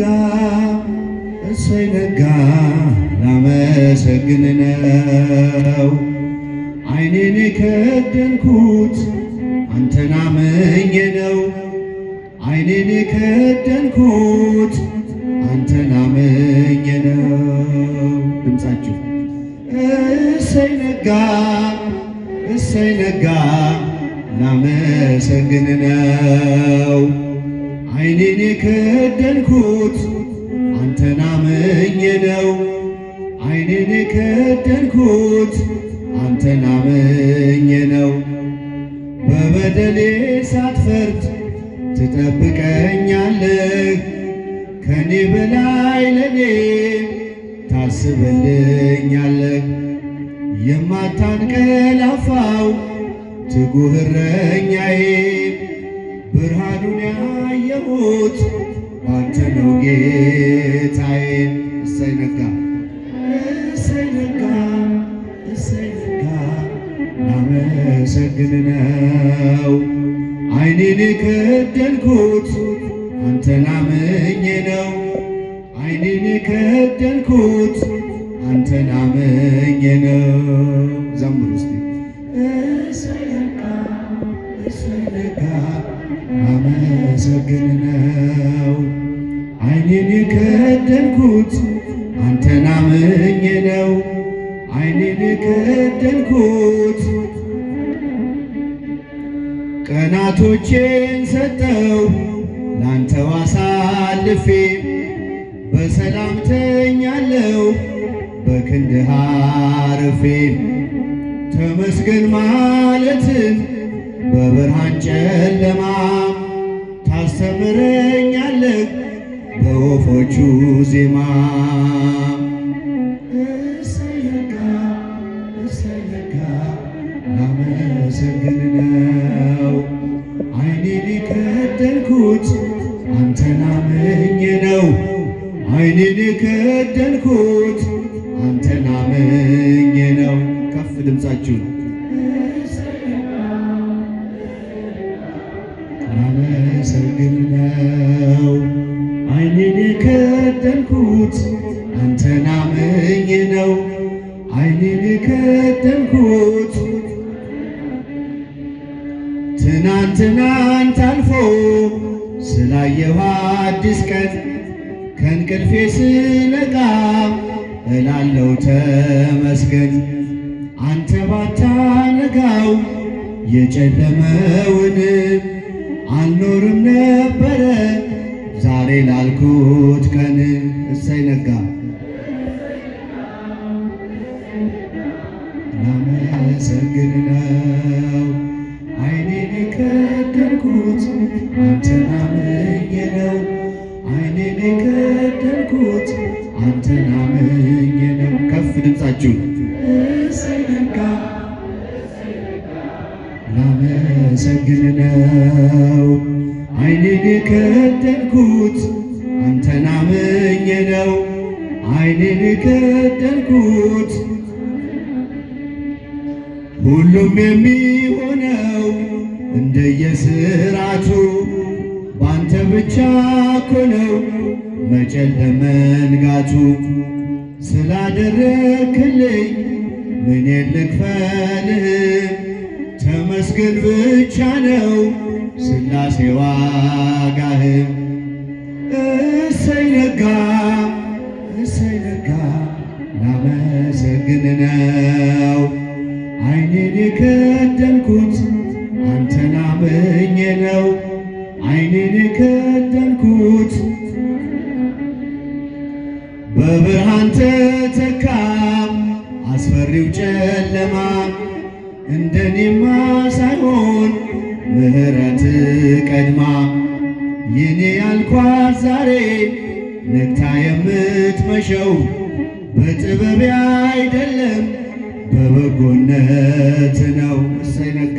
ነጋ እሰይ ነጋ ላመሰግን ነው። ዓይኔን የከደንኩት አንተን አምኜ ነው። ዓይኔን የከደንኩት አንተን አምኜ ነው። ድምፃችሁ እሰይ ነጋ እሰይ ነጋ ላመሰግን ነው። ዓይኔን የከደንኩት አንተን አምኜ ነው። ዓይኔን የከደንኩት አንተን አምኜ ነው። በበደሌ ሳትፈርድ ትጠብቀኛለህ። ከኔ በላይ ለኔ ታስብልኛለህ። የማታንቀላፋው ትጉህ እረኛዬ ብርሃኑን ያየሁት አንተ ነው ጌታዬ። እሰይ ነጋ እሰይ ነጋ እሰይ ነጋ ላመሰግን ነው አይኔን ከደንኩት አንተ ላመኜ ነው አይኔን የከደንኩት አንተ ላመኜ ነው የማመሰግነው ዓይኔን የከደንኩት አንተን አምኜ ነው። ዓይኔን የከደንኩት ቀናቶቼን ሰጠው ላንተው አሳልፌ በሰላም ተኛለው በክንድህ አርፌ ተመስገን ማለትን በብርሃን ጨለ የወፎቹ ዜማ እሰየጋ እሰየጋ ላመሰግን ነው አይኔን የከደንኩት አንተን አምኜ ነው አይኔን የከደንኩት አንተን አምኜ ነው ከፍ ድምፃችሁ የከደንኩት አንተን አምኜ ነው ዓይኔን የከደንኩት ትናንትናን ታልፎ ስላየው አዲስ ቀን ከእንቅልፌ ስለቃ እላለው ተመስገን አንተ ባታነጋው የጨለመውን አልኖርም ነበረ ዛሬ ላልኩት ቀን እሰይ ነጋ ላመሰግን ነው ዓይኔን የቀደልኩት አንተን አምኜ ነው ዓይኔን የቀደልኩት አንተን አምኜ ነው ከፍ ድምፃችሁ እሰይ ነጋ ላመሰግን ነው የከደንኩት አንተን አምኜ ነው። ዓይኔን የከደንኩት ሁሉም የሚሆነው እንደየስራቱ ባንተ ብቻ እኮ ነው መጨለም መንጋቱ። ስላደረክልኝ ምን ልክፈልህ መመስገን ብቻ ነው ስላሴ ዋጋህም እሰይ ነጋ እሰይ ነጋ ላመሰግን ነው ዓይኔን የከደንኩት አንተን አምኜ ነው ዓይኔን የከደንኩት በብርሃን ተተካ አስፈሪው ጨለማ እንደኔማ ሳይሆን ምህረት ቀድማ ይኔ ያልኳት ዛሬ ነግታ የምትመሸው በጥበብ አይደለም በበጎነት ነው። እሰይ ነጋ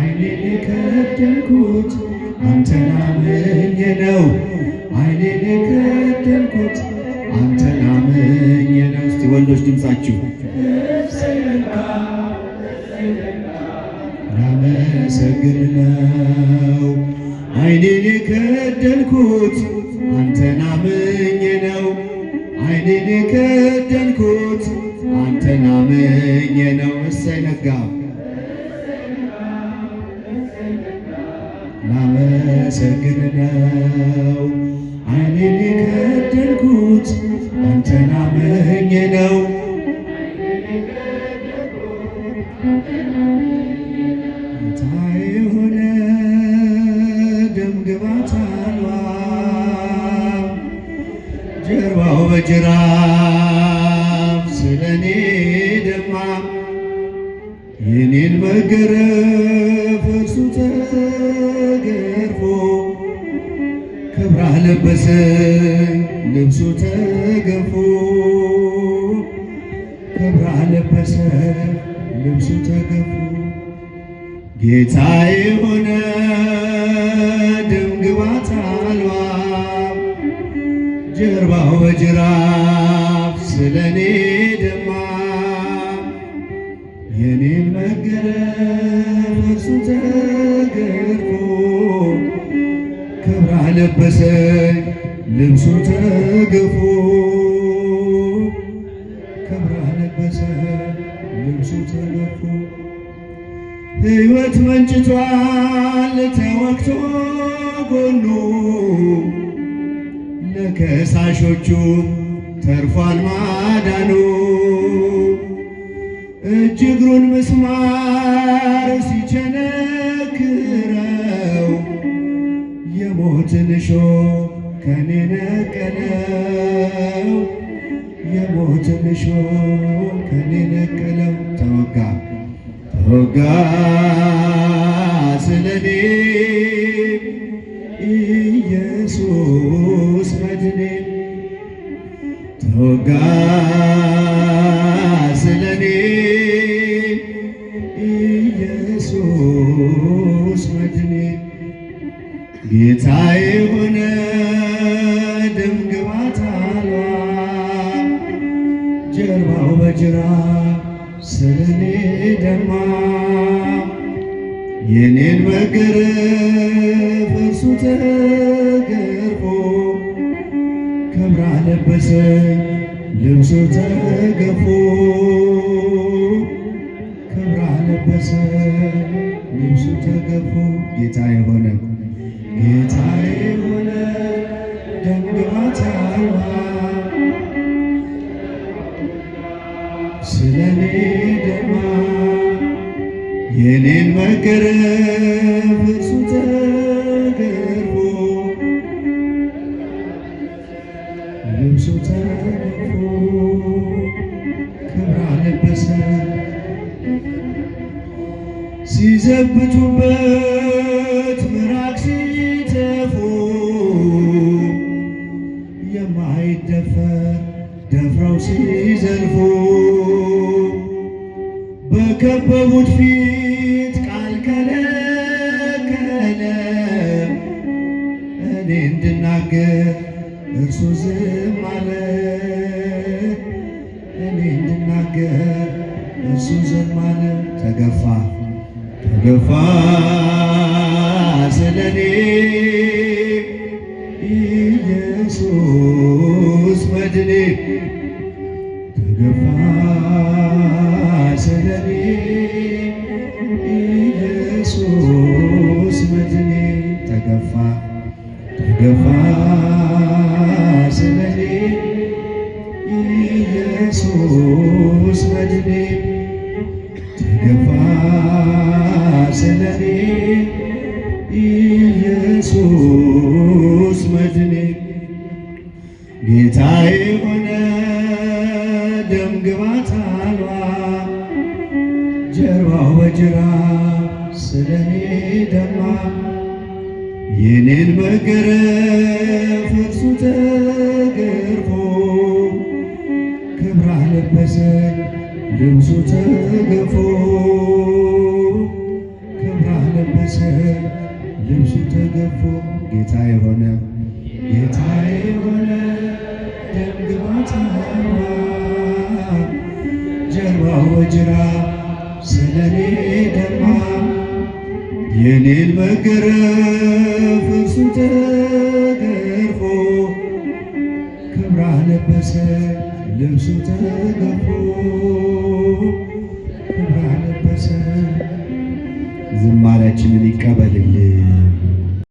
አይኔ ከደልኩት አንተና የከደንኩት አንተን አምኜ ነው። እሰይ ነጋ ላመሰግን ነው። ዓይኔን የከደንኩት አንተን አምኜ ነው። በጀርባው በጅራፍ ስለኔ ደማ የኔን መገረፍ እርሱ ተገርፎ ከብራህ ለበሰ ልብሱ ተገፎ ከብራህ ለበሰ ልብሱ ተገፎ ጌታ የሆነ ጀርባው በጅራፍ ስለኔ ደማ የኔን መገረፍ እርሱ ተገርፎ ክብራ ለበሰኝ ልብሱ ተገፎ ክብራ ለበሰኝ ልብሱ ተገፎ ሕይወት መንጭቷል ተወቅቶ ጎኑ ለከሳሾቹ ተርፏል ማዳኑ እጅ እግሩን ምስማር ሲቸነክረው የሞትን ሾህ ከኔ ነቀለው የሞትን ሾህ ከኔ ነቀለው ተወጋ ተወጋ ስለኔ ኢየሱስ ተወጋ ስለኔ ኢየሱስ መድኔ ጌታ የሆነ ደም ግባት አልባ ጀርባው በጅራ ስለኔ ደማ የኔን መገረፍ እርሱ አለበሰ ልብሱ ተገፎ ክብር አለበሰ ልብሱ ተገፎ ጌታ የሆነ ጌታ የሆነ ደምግባት አልባ ስለኔ ደማ የኔን መገረፍ እርሱ በሸበቱበት ምራቅ ሲተፉ የማይደፈር ደፍረው ሲዘልፉ በከበቡት ፊት ቃል ከለከለ እኔ እንድናገር እርሱ ዝም አለ እኔ እንድናገር እርሱ ዝም አለ ተገፋ ተገፋ ስለኔ ኢየሱስ መድኔ ተገፋ ስለኔ ኢየሱስ መድኔ ተገፋ ተገፋ ስለኔ ኢየሱስ መድኔ ተገፋ ስለኔ ኢየሱስ መድኔ ጌታ የሆነ ደም ግባት አልባ ጀርባው በጅራፍ ስለኔ ደማ የኔን መገረፍ እርሱ ተገርፎ ክብራ ለበሰ ልብሱ ተገፎ ስል ልብሱ ተገፎ ጌታ የሆነ ጌታ የሆነ ደምግባት ጀርባው በጅራፍ ስለኔ ደማ የኔን መገረፍ እርሱ ተገርፎ ክብራ ለበሰ ልብሱ ተገፎ ዝማሪያችንን ይቀበልልን።